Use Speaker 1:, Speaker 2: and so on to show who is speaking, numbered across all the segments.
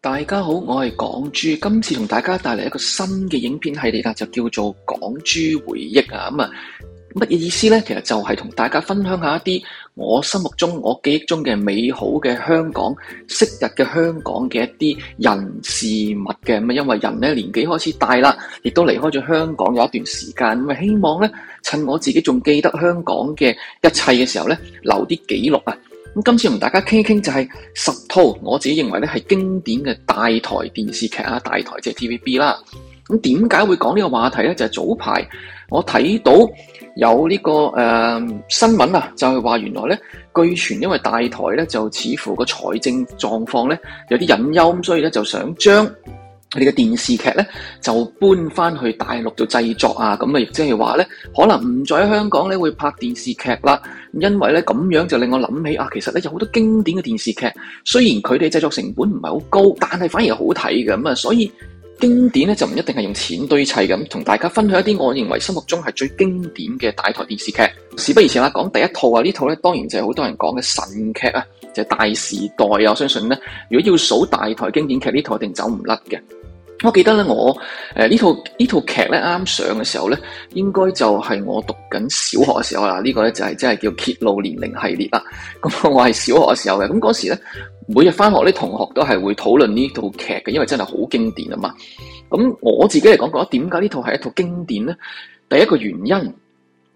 Speaker 1: 大家好，我係港豬，今次同大家帶嚟一個新嘅影片系列啦，就叫做港豬回憶啊！咁啊，乜、嗯、嘢意思呢？其實就係同大家分享一下一啲我心目中、我記憶中嘅美好嘅香港、昔日嘅香港嘅一啲人事物嘅咁啊。因為人咧年紀開始大啦，亦都離開咗香港有一段時間，咁、嗯、啊，希望咧趁我自己仲記得香港嘅一切嘅時候咧，留啲記錄啊！今次同大家傾一傾就係十套，我自己認為咧係經典嘅大台電視劇啊，大台即係 TVB 啦。咁點解會講呢個話題呢？就係、是、早排我睇到有呢、這個誒、呃、新聞啊，就係、是、話原來咧據傳因為大台呢，就似乎個財政狀況呢有啲隱憂，咁所以呢就想將。佢哋嘅電視劇呢，就搬翻去大陸做製作啊！咁啊，亦即係話呢，可能唔再喺香港呢會拍電視劇啦。因為呢，咁樣就令我諗起啊，其實呢，有好多經典嘅電視劇，雖然佢哋製作成本唔係好高，但係反而好睇嘅咁啊。所以經典呢，就唔一定係用錢堆砌咁。同大家分享一啲我認為心目中係最經典嘅大台電視劇。事不宜遲啦，講第一套啊，呢套呢，當然就係好多人講嘅神劇啊，就係《大時代》啊！我相信呢，如果要數大台經典劇，呢套一定走唔甩嘅。我記得咧我、誒、呃、呢套呢套劇咧啱上嘅時候咧，應該就係我讀緊小學嘅時候啦。這個、呢個咧就係、是、即係叫揭露年齡系列啦。咁我係小學嘅時候嘅，咁嗰時咧每日返學啲同學都係會討論呢套劇嘅，因為真係好經典啊嘛。咁我自己嚟講，覺得點解呢套係一套經典咧？第一個原因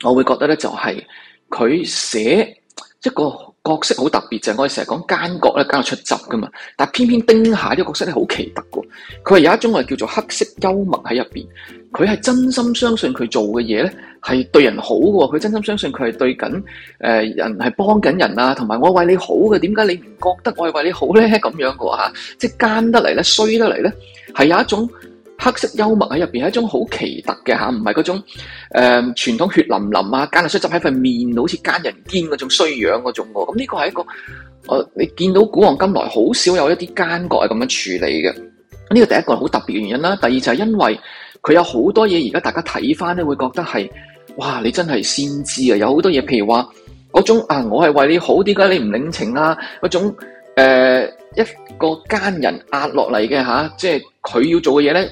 Speaker 1: 我會覺得咧就係、是、佢寫一個。角色好特別就係、是、我哋成日講奸角咧，梗係出汁㗎嘛。但偏偏丁蟹啲、這個、角色咧好奇特喎。佢係有一種話叫做黑色幽默喺入面，佢係真心相信佢做嘅嘢咧係對人好喎。佢真心相信佢係對緊誒人係幫緊人啊。同埋我為你好嘅，點解你唔覺得我係為你好咧？咁樣嘅喎嚇，即係奸得嚟咧，衰得嚟咧，係有一種，黑色幽默喺入面係一種好奇特嘅吓，唔係嗰種誒傳、呃、統血淋淋啊，奸律衰執喺塊面，好似奸人堅嗰種衰樣嗰種哦。咁呢個係一個誒、呃，你見到古往今來好少有一啲奸角係咁樣處理嘅。呢個第一個好特別嘅原因啦。第二就係因為佢有好多嘢，而家大家睇翻咧，會覺得係哇，你真係先知啊！有好多嘢，譬如話嗰種啊，我係為你好，點解你唔領情啦、啊？嗰種誒、呃、一個奸人壓落嚟嘅吓，即係佢要做嘅嘢咧。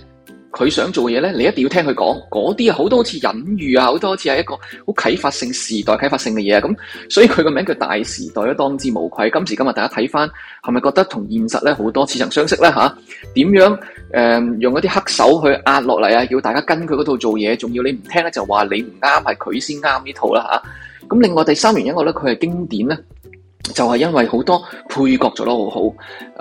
Speaker 1: 佢想做嘢呢，你一定要聽佢講。嗰啲啊，好多好似隱喻啊，好多好似係一個好啟發性時代、啟發性嘅嘢啊。咁所以佢個名叫《大時代》咧，當之無愧。今時今日，大家睇返係咪覺得同現實呢好多似曾相識呢？吓、啊，點樣誒、呃、用嗰啲黑手去壓落嚟啊？要大家跟佢嗰度做嘢，仲要你唔聽呢？就話你唔啱，係佢先啱呢套啦吓。咁、啊、另外第三個原因我呢佢係經典呢，就係、是、因為好多配角做得好好。誒、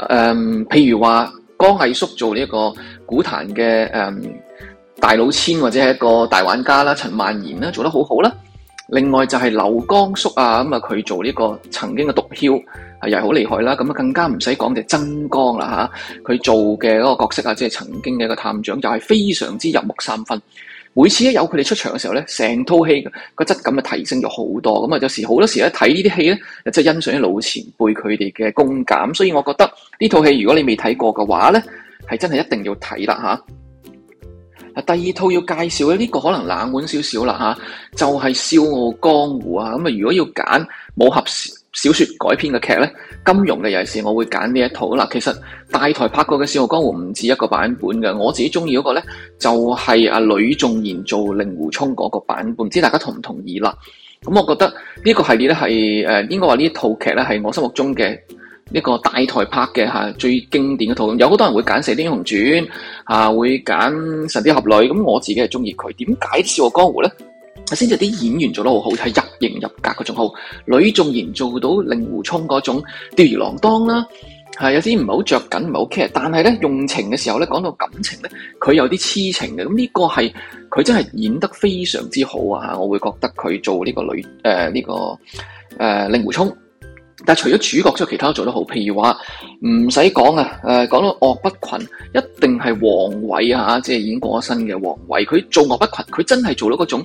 Speaker 1: 呃，譬如話江毅叔做呢、這、一個。古壇嘅誒大老千或者係一個大玩家啦，陳萬賢啦做得好好啦。另外就係劉江叔啊，咁啊佢做呢個曾經嘅毒梟又係好厲害啦。咁啊更加唔使講就曾江啦吓，佢、啊、做嘅嗰個角色啊，即係曾經嘅一個探長，就係非常之入木三分。每次咧有佢哋出場嘅時候咧，成套戲個質感就提升咗好多。咁啊、嗯、有時好多時咧睇呢啲戲咧，即係欣賞啲老前輩佢哋嘅功架。所以我覺得呢套戲如果你未睇過嘅話咧，係真係一定要睇啦吓！嗱、啊，第二套要介紹嘅呢，這個可能冷門少少啦吓，就係、是《笑傲江湖》啊。咁啊，如果要揀武俠小說改編嘅劇咧，金庸嘅尤其係我會揀呢一套啦、啊。其實大台拍過嘅《笑傲江湖》唔止一個版本嘅，我自己中意嗰個咧就係阿呂頌賢做令狐沖嗰個版本，唔知大家同唔同意啦？咁、啊、我覺得呢個系列咧係誒，應該話呢套劇咧係我心目中嘅。呢個大台拍嘅嚇、啊、最經典嘅套，有好多人會揀《射鵰英雄傳》啊，嚇會揀《神鵰俠侶》。咁我自己係中意佢，點解笑傲江湖咧？首先就啲演員做得好好，係入型入格個仲好。呂頌賢做到令狐沖嗰種吊兒郎當啦，嚇、啊、有啲唔係好着緊，唔係好 care，但係咧，用情嘅時候咧，講到感情咧，佢有啲痴情嘅。咁呢個係佢真係演得非常之好啊！我會覺得佢做呢個女誒呢、呃呢個誒、呃、令狐沖。但除咗主角之外，其他都做得好。譬如話，唔使講啊，誒、呃、講到岳不群，一定係王偉啊，即係已經過身嘅王偉。佢做岳不群，佢真係做到嗰種。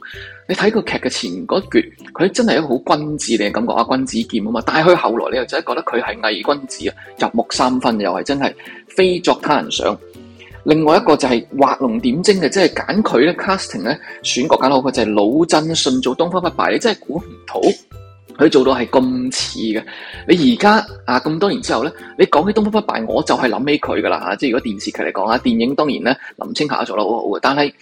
Speaker 1: 你睇個劇嘅前嗰段，佢真係一個好君子嘅感覺啊，君子劍啊嘛。但係佢後來，你又真係覺得佢係偽君子啊，入木三分又係真係非作他人想。另外一個就係畫龍點睛嘅，即係揀佢咧 casting 咧選角揀好，佢就係、是、魯振順做東方不敗，你真係估唔到。佢做到係咁似嘅，你而家啊，咁多年之後咧，你講起《東方不敗》，我就係諗起佢噶啦嚇。即、啊、係如果電視劇嚟講啊，電影當然咧林青霞做得好好嘅，但係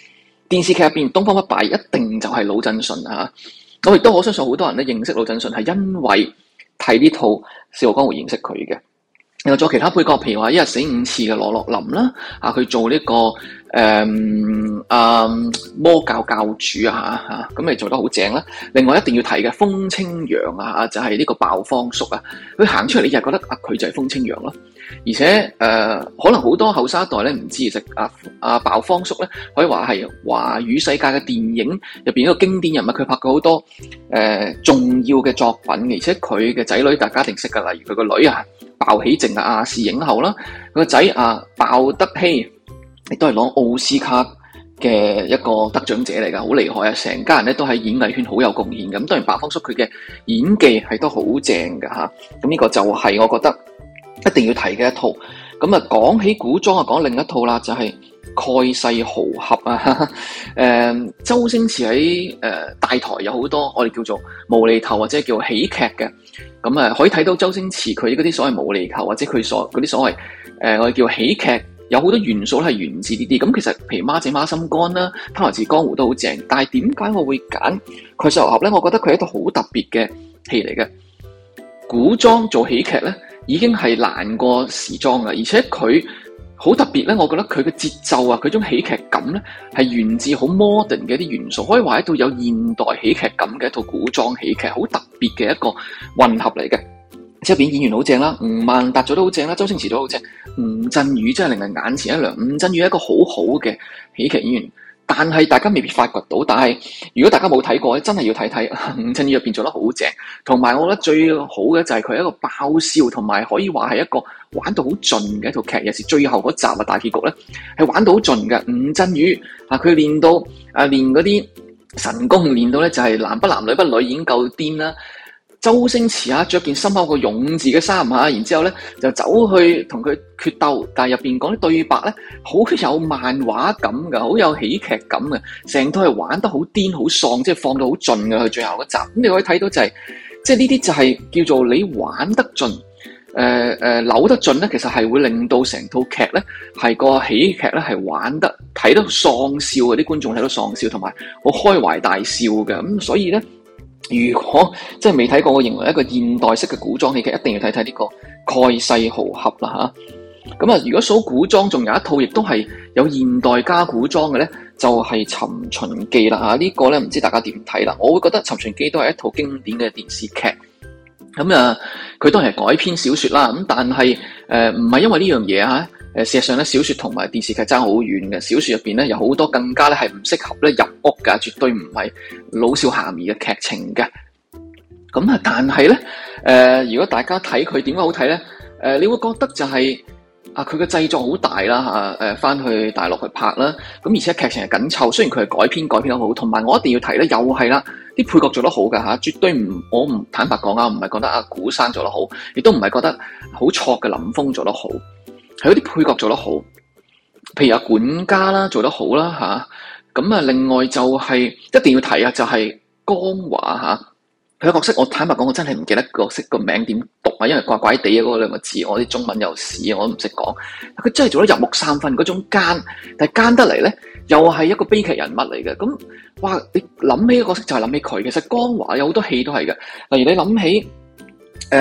Speaker 1: 電視劇入邊《東方不敗》一定就係魯振順嚇、啊。我亦都我相信好多人咧認識魯振順係因為睇呢套《笑傲江湖》認識佢嘅。有做其他配角，譬如話一日死五次嘅羅樂林啦，啊，佢做呢、這個誒誒、嗯嗯、魔教教主啊，吓、啊、吓，咁、啊、咪做得好正啦。另外一定要提嘅風清揚啊，就係、是、呢個鮑方叔啊，佢行出嚟，你就覺得啊，佢就係風清揚咯、啊。而且誒、啊，可能好多後生一代咧唔知，就、啊、鮑、啊、方叔咧，可以話係華語世界嘅電影入邊一個經典人物，佢拍過好多誒、啊、重要嘅作品，而且佢嘅仔女大家一定識噶，例如佢個女啊。鮑起靜啊，亞視影后啦，佢個仔啊，鮑德熹亦都係攞奧斯卡嘅一個得獎者嚟噶，好厲害啊！成家人咧都喺演藝圈好有貢獻，咁當然白方叔佢嘅演技係都好正噶吓，咁、啊、呢個就係我覺得一定要提嘅一套。咁啊，講起古裝啊，講另一套啦，就係、是。蓋世豪俠啊，誒、嗯，周星馳喺誒大台有好多我哋叫做無厘頭或者叫喜劇嘅。咁、嗯、啊可以睇到周星馳佢嗰啲所謂無厘頭或者佢所嗰啲所謂誒、呃、我哋叫喜劇，有好多元素係源自呢啲，咁、嗯、其實譬如孖仔孖心肝啦，他來自江湖都好正，但係點解我會揀蓋世豪俠咧？我覺得佢係一套好特別嘅戲嚟嘅，古裝做喜劇咧，已經係難過時裝啦，而且佢。好特別咧，我覺得佢嘅節奏啊，佢種喜劇感咧，係源自好 modern 嘅一啲元素，可以話係一套有現代喜劇感嘅一套古裝喜劇，好特別嘅一個混合嚟嘅。即係邊演員好正啦，吳孟達做得好正啦，周星馳都好正，吳鎮宇真係令人眼前一亮，吳鎮宇係一個好好嘅喜劇演員。但係大家未必發掘到，但係如果大家冇睇過咧，真係要睇睇吳振宇入邊做得好正，同埋我覺得最好嘅就係佢一個爆笑，同埋可以話係一個玩到好盡嘅一套劇，尤其是最後嗰集啊大結局咧，係玩很盡的到好盡嘅吳振宇，啊，佢練到啊練嗰啲神功練呢，練到咧就係、是、男不男女不女已經夠癲啦。周星馳啊，着件深黑個勇字嘅衫啊，然之後咧就走去同佢決鬥，但係入邊講啲對白咧，好有漫畫感嘅，好有喜劇感嘅，成套係玩得好癲、好喪，即係放到好盡嘅佢最後一集。咁、嗯、你可以睇到就係、是，即係呢啲就係叫做你玩得盡，誒、呃、誒、呃、扭得盡咧，其實係會令到成套劇咧係個喜劇咧係玩得睇到喪笑嘅啲觀眾睇到喪笑，同埋好開懷大笑嘅。咁、嗯、所以咧。如果即係未睇過，我認為一個現代式嘅古裝戲劇，一定要睇睇呢個《蓋世豪俠》啦、啊、吓。咁啊，如果數古裝，仲有一套亦都係有現代加古裝嘅咧，就係《尋秦記》啦、啊、吓。呢、呢個咧，唔知大家點睇啦？我會覺得《尋秦記》都係一套經典嘅電視劇。咁啊，佢都係改編小說啦。咁但係誒，唔、呃、係因為呢樣嘢吓。啊誒，事實上咧，小説同埋電視劇爭好遠嘅，小説入邊咧有好多更加咧係唔適合咧入屋嘅，絕對唔係老少咸宜嘅劇情嘅。咁啊，但係咧，誒、呃，如果大家睇佢點解好睇咧？誒、呃，你會覺得就係、是、啊，佢嘅製作好大啦嚇，誒、啊，返、啊、去大陸去拍啦。咁、啊、而且劇情係緊湊，雖然佢係改編改編得好，同埋我一定要提咧，又係啦，啲配角做得好嘅嚇、啊，絕對唔，我唔坦白講啊，唔係覺得阿古山做得好，亦都唔係覺得好挫嘅林峰做得好。有啲配角做得好，譬如阿管家啦，做得好啦嚇。咁啊，另外就係一定要提啊，就係江華嚇。佢嘅角色，我坦白講，我真係唔記得角色個名點讀啊，因為怪怪地啊嗰兩個字，我啲中文又屎，我都唔識講。佢真係做得入木三分嗰種奸，但係奸得嚟咧，又係一個悲劇人物嚟嘅。咁哇，你諗起個角色就係諗起佢。其實江華有好多戲都係嘅，例如你諗起。誒，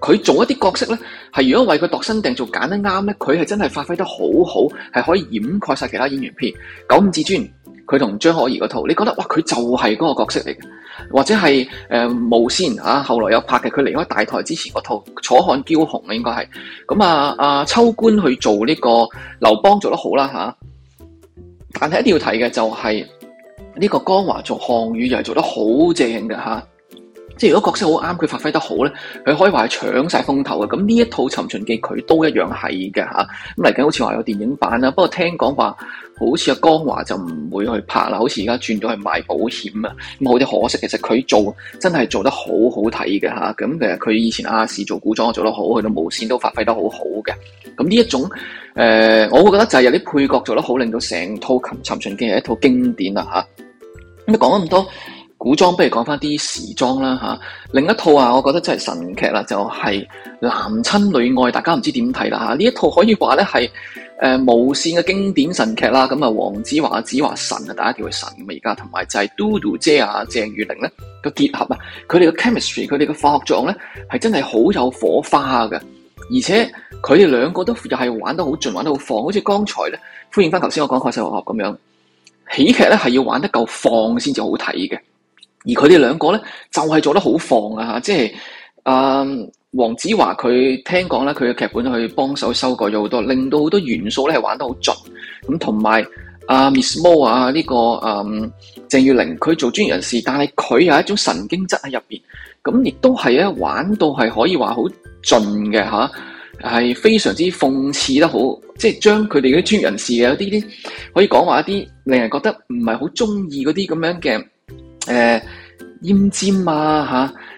Speaker 1: 佢、嗯、做一啲角色咧，係如果為佢度身定做揀得啱咧，佢係真係發揮得好好，係可以掩蓋晒其他演員片。九五至尊，佢同張可頤個套，你覺得哇，佢就係嗰個角色嚟嘅，或者係誒巫仙啊後來有拍嘅，佢離開大台之前嗰套楚漢驕雄應該啊，應該係咁啊，阿秋官去做呢、這個劉邦做得好啦吓、啊，但係一定要睇嘅就係、是、呢、這個江華做項羽又係做得好正嘅吓。啊即係如果角色好啱佢發揮得好咧，佢可以話係搶晒風頭嘅。咁呢一套《尋秦記》，佢都一樣係嘅嚇。咁嚟緊好似話有電影版啦，不過聽講話好似阿江華就唔會去拍啦。好似而家轉咗去賣保險啊。咁好啲可惜，其實佢做真係做得好好睇嘅嚇。咁其實佢以前亞視做古裝做得好，佢都無線都發揮得好好嘅。咁呢一種誒、呃，我會覺得就係有啲配角做得好，令到成套《尋秦記》係一套經典啦嚇。咁講咗咁多。古裝不如講翻啲時裝啦嚇。另一套啊，我覺得真係神劇啦，就係、是、男親女愛。大家唔知點睇啦嚇。呢一套可以話咧係誒無線嘅經典神劇啦。咁啊，黃子華、子華神啊，大家叫佢神咁啊。而家同埋就係嘟嘟姐啊，鄭裕玲咧個結合啊，佢哋嘅 chemistry，佢哋嘅化學作用咧係真係好有火花嘅。而且佢哋兩個都又係玩得好盡，玩得好放，好似剛才咧呼應翻頭先我講《蓋世豪俠》咁樣喜劇咧，係要玩得夠放先至好睇嘅。而佢哋兩個咧，就係、是、做得好放啊！即係，嗯，黃子華佢聽講咧，佢嘅劇本去幫手修改咗好多，令到好多元素咧係玩得好盡。咁同埋啊，Miss Mo 啊呢、這個，嗯，鄭裕玲佢做專業人士，但係佢有一種神經質喺入邊，咁亦都係咧玩到係可以話好盡嘅係、啊、非常之諷刺得好，即係將佢哋啲專業人士嘅一啲啲可以講話一啲令人覺得唔係好中意嗰啲咁樣嘅。誒，奄尖、呃、奄尖啊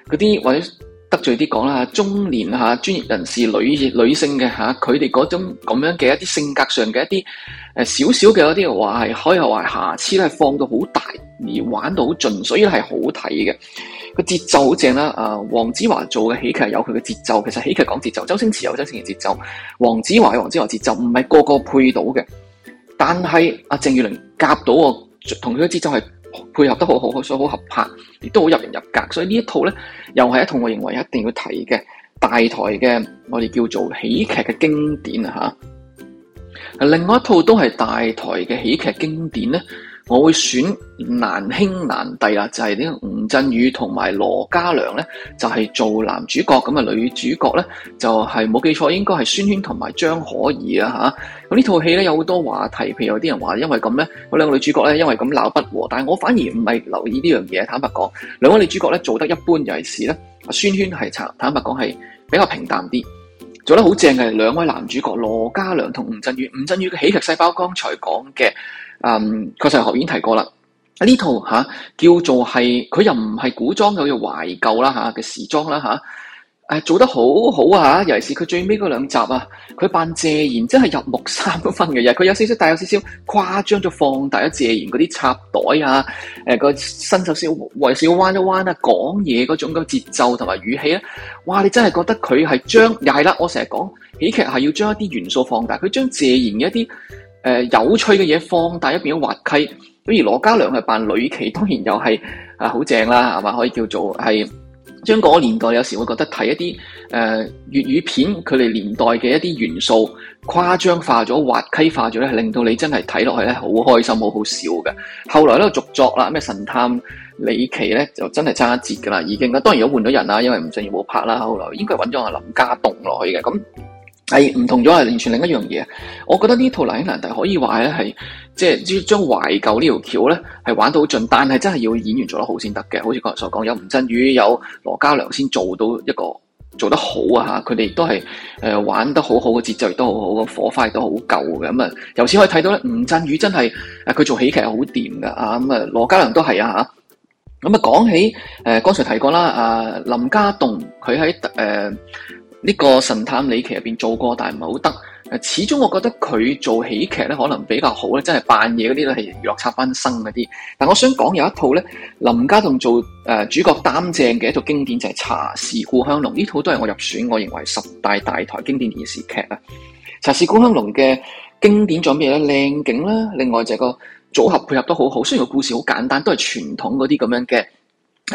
Speaker 1: 吓，嗰、啊、啲或者得罪啲講啦，中年吓、啊，專業人士女女性嘅吓，佢哋嗰種咁樣嘅一啲性格上嘅一啲誒，少少嘅嗰啲話係可以話係瑕疵，咧放到好大而玩到好盡，所以係好睇嘅，個節奏好正啦。誒、啊，黃子華做嘅喜劇有佢嘅節奏，其實喜劇講節奏，周星馳有周星馳節奏，黃子華有黃子華節奏，唔係個個配到嘅，但係阿、啊、鄭裕玲夾到我，同佢嘅節奏係。配合得好好，所以好合拍，亦都好入人入格，所以呢一套咧，又係一套我認為一定要睇嘅大台嘅我哋叫做喜劇嘅經典吓、啊。另外一套都係大台嘅喜劇經典咧。我會選難兄難弟啦，就係呢個吳鎮宇同埋羅嘉良咧，就係做男主角，咁啊女主角咧就係冇記錯應該係宣萱同埋張可頤啊吓，咁呢套戲咧有好多話題，譬如有啲人話因為咁咧，嗰兩個女主角咧因為咁鬧不和，但係我反而唔係留意呢樣嘢，坦白講，兩個女主角咧做得一般，尤其係啦，宣萱係坦白講係比較平淡啲。做得好正嘅兩位男主角羅家良同吳鎮宇，吳鎮宇嘅喜劇細胞，剛才講嘅，嗯，確實已經提過啦。呢套嚇、啊、叫做係佢又唔係古裝，又叫懷舊啦嚇嘅、啊、時裝啦嚇。啊做得好好啊！尤其是佢最尾嗰兩集啊，佢扮謝賢真係入木三分嘅。又佢有少少帶有少少誇張咗，放大咗謝賢嗰啲插袋啊，誒個伸手少，或少彎一彎啊，講嘢嗰種嘅節奏同埋語氣啊。哇！你真係覺得佢係將又係啦，我成日講喜劇係要將一啲元素放大，佢將謝賢嘅一啲誒、呃、有趣嘅嘢放大，一變咗滑稽。咁如羅嘉良係扮女企，當然又係啊好正啦，係嘛？可以叫做係。將嗰個年代，你有時會覺得睇一啲誒粵語片，佢哋年代嘅一啲元素，誇張化咗、滑稽化咗咧，令到你真係睇落去咧，好開心、好好笑嘅。後來咧續作啦，咩神探李奇咧就真係差一截噶啦，已經。當然如果換咗人啦，因為吳鎮宇冇拍啦，後來應該揾咗阿林家棟落去嘅咁。係唔，哎、同咗，係完全另一樣嘢。我覺得呢套《難兄難弟》可以話咧係，即係、就是、將懷舊條呢條橋咧係玩到盡，但係真係要演員做得好先得嘅。好似剛才所講，有吳鎮宇，有羅嘉良，先做到一個做得好啊！吓，佢哋亦都係誒玩得好好嘅節奏，亦都好好嘅火花，亦都好夠嘅。咁啊，由此可以睇到咧，吳鎮宇真係誒佢做喜劇好掂噶，啊咁、嗯、啊，羅嘉良都係啊吓。咁啊，講起誒剛才提過啦，阿、呃、林家棟佢喺誒。呢個神探李奇入面做過，但係唔係好得。始終我覺得佢做喜劇咧，可能比較好咧，即係扮嘢嗰啲咧係娛樂插班生嗰啲。但我想講有一套咧，林家棟做主角擔正嘅一套經典就係、是《茶氏故鄉龍》呢套都係我入選，我認為十大大台經典電視劇啊。《茶室故鄉龍》嘅經典在咩咧？靚景啦，另外就係個組合配合都好好。雖然個故事好簡單，都係傳統嗰啲咁樣嘅。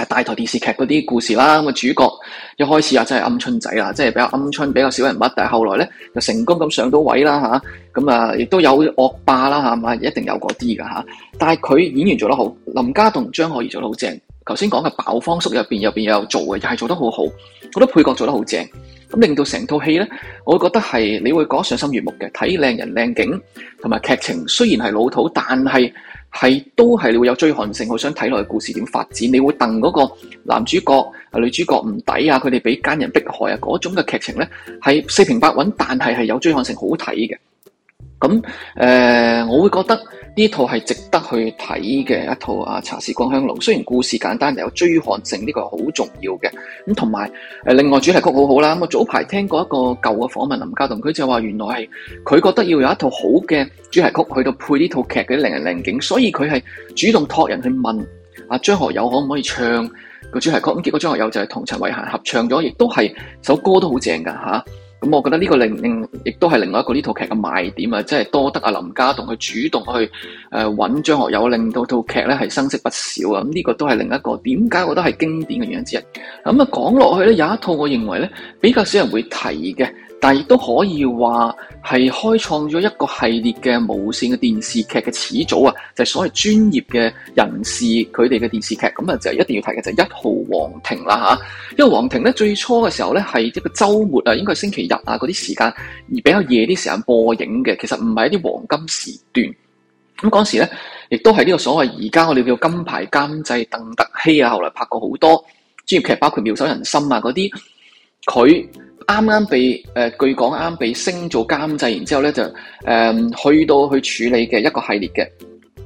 Speaker 1: 大台電視劇嗰啲故事啦，咁啊主角一開始啊真係暗春仔啦，即係比較鵪鶉，比較少人物。但係後來咧就成功咁上到位啦吓，咁啊亦都有惡霸啦吓，係咪一定有嗰啲噶吓，但係佢演員做得好，林家棟同張可頤做得好正，頭先講嘅《爆方叔》入邊入邊又有做嘅，又係做得好好，好多配角做得好正，咁令到成套戲咧，我覺得係你會覺得賞心悅目嘅，睇靚人靚景同埋劇情，雖然係老土，但係。係都係你會有追看性，好想睇落去故事點發展，你會戥嗰個男主角女主角唔抵啊，佢哋俾奸人迫害啊，嗰種嘅劇情呢，係四平八穩，但係係有追看性，好睇嘅。咁誒、呃，我會覺得呢套係值得去睇嘅一套啊《茶是故鄉濃》，雖然故事簡單，但有追看性，呢、這個好重要嘅。咁同埋另外主題曲好好啦。咁、嗯、我早排聽過一個舊嘅訪問，林家棟佢就話原來係佢覺得要有一套好嘅主題曲去到配呢套劇嘅靈人靈景，所以佢係主動託人去問啊張學友可唔可以唱、這個主題曲。咁結果張學友就係同陳慧嫻合唱咗，亦都係首歌都好正㗎嚇。咁、嗯、我覺得呢個令令亦都係另外一個呢套劇嘅賣點啊，即係多得阿林家棟去主動去誒揾、呃、張學友，令到套劇咧係生色不少啊！咁、嗯、呢、這個都係另一個點解我覺得係經典嘅原因之一。咁啊講落去咧，有一套我認為咧比較少人會提嘅。但係亦都可以話係開創咗一個系列嘅無綫嘅電視劇嘅始祖啊，就係所謂專業嘅人士佢哋嘅電視劇，咁啊就係一定要睇嘅就係一號皇庭啦吓，因為皇庭咧最初嘅時候咧係一個周末啊，應該係星期日啊嗰啲時間而比較夜啲時間播映嘅，其實唔係一啲黃金時段。咁嗰時咧亦都係呢個所謂而家我哋叫金牌監製鄧特希啊，後來拍過好多專業劇，包括妙手仁心啊嗰啲，佢。啱啱被誒、呃、據講啱被升做監製，然之後咧就誒、呃、去到去處理嘅一個系列嘅。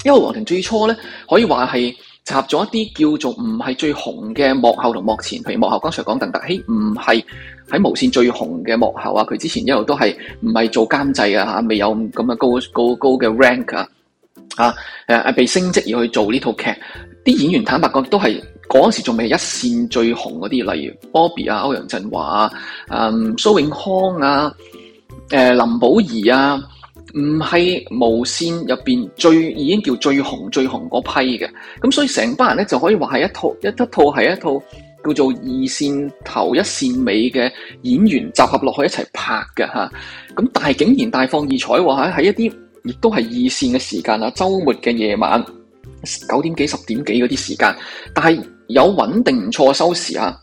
Speaker 1: 因為王庭最初咧可以話係插咗一啲叫做唔係最紅嘅幕後同幕前，譬如幕後剛才講鄧特希唔係喺無線最紅嘅幕後啊，佢之前一路都係唔係做監製啊，未有咁嘅高高高嘅 rank 啊，啊被升職而去做呢套劇，啲演員坦白講都係。嗰時仲未係一線最紅嗰啲，例如 Bobby 啊、歐陽振華啊、嗯、呃、蘇永康啊、誒、呃、林保怡啊，唔係無線入邊最已經叫最紅最紅嗰批嘅。咁所以成班人咧就可以話係一套一、一套係一套叫做二線頭一線尾嘅演員集合落去一齊拍嘅嚇。咁、啊、但係竟然大放異彩喎喺、啊、一啲亦都係二線嘅時間啦，周末嘅夜晚九點幾十點幾嗰啲時間，但係。有穩定唔錯收視啊！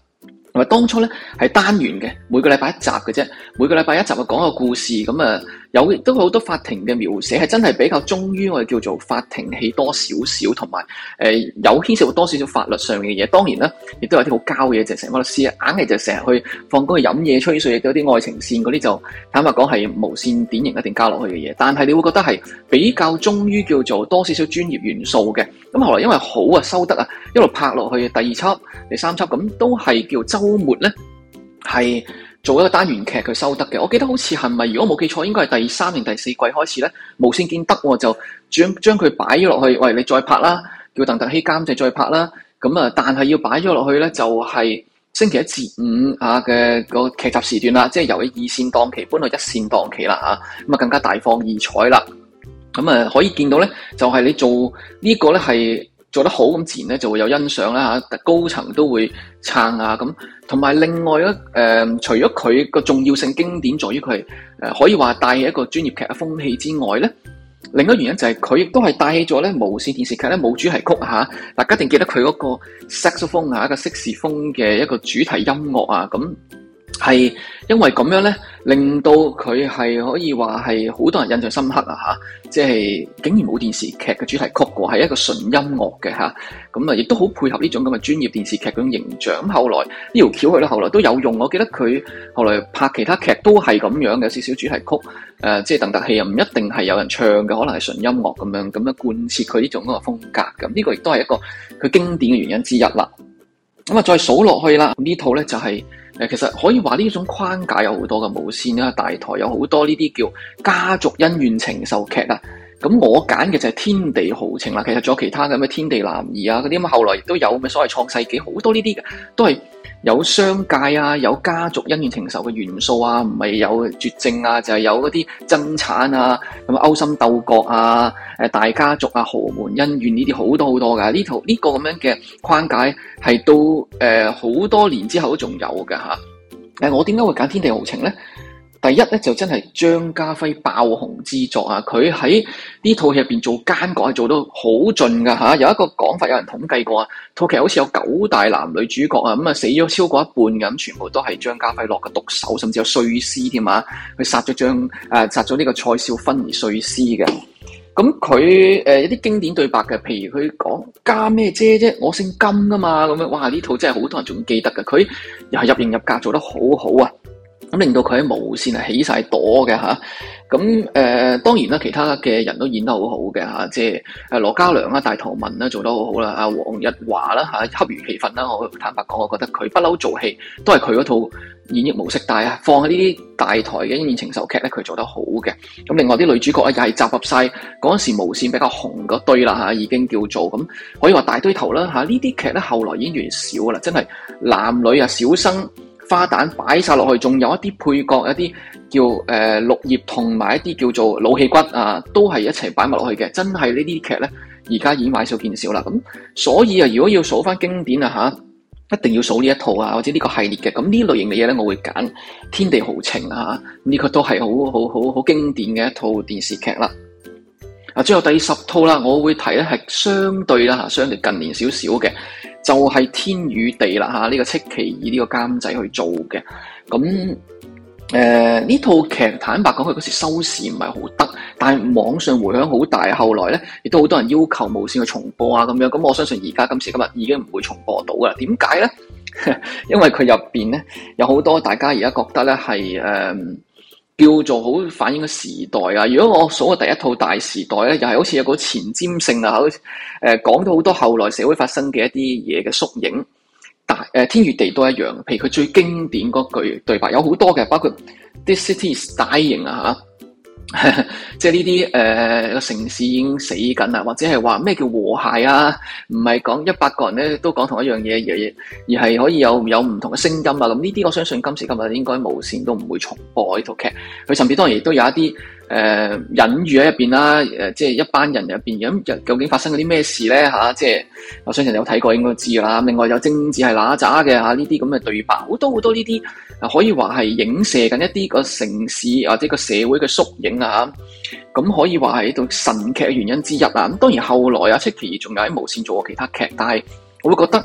Speaker 1: 同埋當初咧係單元嘅，每個禮拜一集嘅啫，每個禮拜一集啊，講一個故事咁啊。有亦都好多法庭嘅描寫，係真係比較忠於我哋叫做法庭戲多少少，同埋誒有牽涉到多少少法律上面嘅嘢。當然啦，亦都有啲好膠嘅嘢，就成個律師啊，硬係就成日去放工去飲嘢吹水，亦都有啲愛情線嗰啲，就坦白講係無線典型一定加落去嘅嘢。但係你會覺得係比較忠於叫做多少少專業元素嘅。咁後來因為好啊收得啊一路拍落去第二輯、第三輯，咁都係叫周末咧，係。做一個單元劇佢收得嘅，我記得好似係咪如果冇記錯，應該係第三年第四季開始咧，無綫見得就將將佢擺咗落去，喂，你再拍啦，叫鄧特希監製再拍啦，咁啊，但係要擺咗落去咧，就係、是、星期一至五啊嘅個劇集時段啦，即係由二綫檔期搬到一綫檔期啦啊，咁啊更加大放異彩啦，咁啊可以見到咧就係、是、你做呢個咧係。做得好咁自然咧就會有欣賞啦，嚇，高層都會撐啊咁。同埋另外咧誒，除咗佢個重要性經典在於佢係可以話帶起一個專業劇嘅風氣之外咧，另一個原因就係佢亦都係帶起咗咧無線電視劇咧冇主題曲嚇，大家一定記得佢嗰個 saxophone 啊一個色士風嘅一個主題音樂啊咁。係因為咁樣呢，令到佢係可以話係好多人印象深刻啊！吓，即係竟然冇電視劇嘅主題曲喎，係一個純音樂嘅吓，咁啊，亦都好配合呢種咁嘅專業電視劇嗰種形象。咁後來呢條橋佢咧，後來都有用。我記得佢後來拍其他劇都係咁樣的，嘅，少少主題曲，誒、啊，即係鄧達戲又唔一定係有人唱嘅，可能係純音樂咁樣，咁樣貫徹佢呢種嘅風格。咁、啊、呢、這個亦都係一個佢經典嘅原因之一啦。咁啊，再數落去啦，呢套呢就係、是。誒，其實可以話呢種框架有好多嘅無線啦，大台有好多呢啲叫家族恩怨情仇劇啊。咁我揀嘅就係天地豪情啦。其實仲有其他嘅咩《天地男兒》啊、嗰啲咁，後來亦都有咩所謂創世紀，好多呢啲嘅都係。有商界啊，有家族恩怨情仇嘅元素啊，唔係有絕症啊，就係、是、有嗰啲爭產啊，咁勾心鬥角啊，誒，大家族啊，豪門恩怨呢啲好多好多嘅，呢套呢個咁樣嘅框架係到誒好多年之後都仲有嘅吓，誒，我點解會揀《天地豪情》呢？第一咧就真係張家輝爆紅之作啊！佢喺呢套戲入面做奸角，做得好盡噶嚇。有一個講法，有人統計過啊，套劇好似有九大男女主角啊，咁啊死咗超過一半咁，全部都係張家輝落嘅毒手，甚至有碎屍添啊！佢殺咗張，誒殺咗呢個蔡少芬而碎屍嘅。咁佢誒一啲經典對白嘅，譬如佢講加咩姐啫，我姓甘啊嘛，咁樣哇！呢套真係好多人仲記得㗎。佢又係入型入格，做得好好啊！咁令到佢喺無綫係起晒朵嘅吓，咁、啊、誒、呃，當然啦，其他嘅人都演得好好嘅吓，即係誒羅嘉良啦、大頭文啦，做得好好啦，阿黃日華啦吓，恰、啊、如其分啦，我坦白講，我覺得佢不嬲做戲，都係佢嗰套演繹模式，但係放喺呢啲大台嘅恩怨情仇劇咧，佢做得好嘅。咁另外啲女主角啊，又係集合晒嗰陣時無綫比較紅嗰堆啦吓，已經叫做咁，可以話大堆頭啦吓。啊、劇、呢啲劇咧後來演員少啦，真係男女啊小生。花旦擺晒落去，仲有一啲配角，一啲叫誒、呃、綠葉，同埋一啲叫做老戲骨啊，都係一齊擺埋落去嘅。真係呢啲劇呢，而家已經買少見少啦。咁所以啊，如果要數翻經典啊嚇，一定要數呢一套啊，或者呢個系列嘅。咁呢類型嘅嘢呢，我會揀《天地豪情》啊呢、呢個都係好好好好經典嘅一套電視劇啦。啊，最後第十套啦，我會提呢係相對啦、啊、相對近年少少嘅。就係天與地啦吓，呢、這個戚其二呢個監仔去做嘅，咁誒呢套劇坦白講，佢嗰時收視唔係好得，但係網上回響好大，後來咧亦都好多人要求無線去重播啊，咁樣，咁我相信而家今時今日已經唔會重播到噶啦，點解咧？因為佢入邊咧有好多大家而家覺得咧係誒。叫做好反映個時代啊！如果我數嘅第一套大時代咧，又係好似有個前瞻性啊，好似誒講到好多後來社會發生嘅一啲嘢嘅縮影，大誒、呃、天與地都一樣。譬如佢最經典嗰句對白，有好多嘅，包括 This city is dying 啊吓。 即係呢啲誒個城市已經死緊啦，或者係話咩叫和諧啊？唔係講一百個人咧都講同一樣嘢，而而係可以有有唔同嘅聲音啊！咁呢啲我相信今時今日應該無線都唔會重播呢套劇。佢甚至當然亦都有一啲。誒隱、呃、喻喺入面啦、呃，即係一班人入面咁，究竟發生咗啲咩事咧、啊、即係我相信有睇過應該知啦。另外有政治係喇咋嘅呢啲咁嘅對白，好多好多呢啲，啊可以話係影射緊一啲個城市或者個社會嘅縮影啊嚇。咁可以話係呢套神劇嘅原因之一啊。咁當然後來阿戚其義仲有喺無線做過其他劇，但係我會覺得。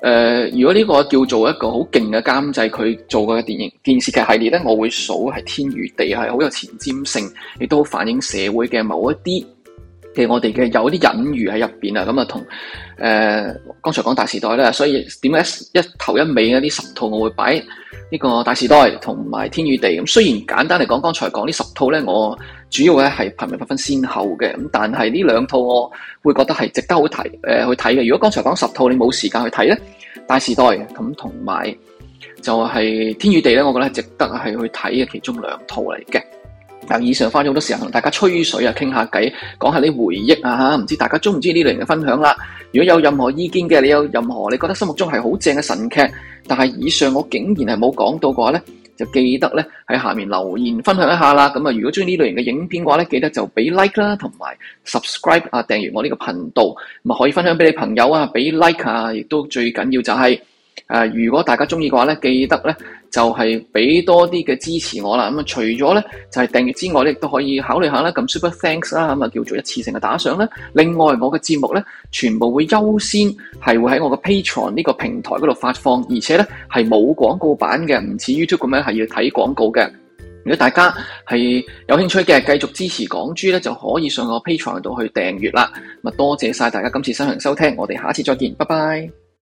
Speaker 1: 誒、呃，如果呢個叫做一個好勁嘅監製，佢做過嘅電影、電視劇系列咧，我會數係《天與地》，係好有前瞻性，亦都好反映社會嘅某一啲嘅我哋嘅有啲隱喻喺入邊啊。咁啊，同誒剛才講《大時代》咧，所以點解一頭一尾呢啲十套我會擺呢個《大時代》同埋《天與地》？咁雖然簡單嚟講，剛才講呢十套呢，我。主要咧係排名不分先後嘅，咁但係呢兩套我會覺得係值得好睇、誒、呃、去睇嘅。如果剛才講十套你冇時間去睇呢？《大時代》咁同埋就係《天與地》呢，我覺得係值得係去睇嘅其中兩套嚟嘅。嗱，以上花咗好多時間同大家吹水聊聊啊，傾下偈、講下啲回憶啊，唔知大家中唔中意呢類型嘅分享啦？如果有任何意見嘅，你有任何你覺得心目中係好正嘅神劇，但係以上我竟然係冇講到嘅話呢。就記得咧喺下面留言分享一下啦。咁啊，如果中意呢類型嘅影片嘅話咧，記得就俾 like 啦，同埋 subscribe 啊，訂閱我呢個頻道，咁啊可以分享俾你朋友啊，俾 like 啊，亦都最緊要就係誒，如果大家中意嘅話咧，記得咧。就係俾多啲嘅支持我啦，咁啊除咗呢，就係訂閱之外呢，亦都可以考慮下啦。咁 Super Thanks 啦，咁啊叫做一次性嘅打賞啦。另外我嘅節目呢，全部會優先係會喺我嘅 Patreon 呢個平台嗰度發放，而且呢係冇廣告版嘅，唔似 YouTube 咁樣係要睇廣告嘅。如果大家係有興趣嘅，繼續支持港豬呢，就可以上我 Patreon 度去訂閱啦。咁啊多謝晒大家今次新量收聽，我哋下次再見，拜拜。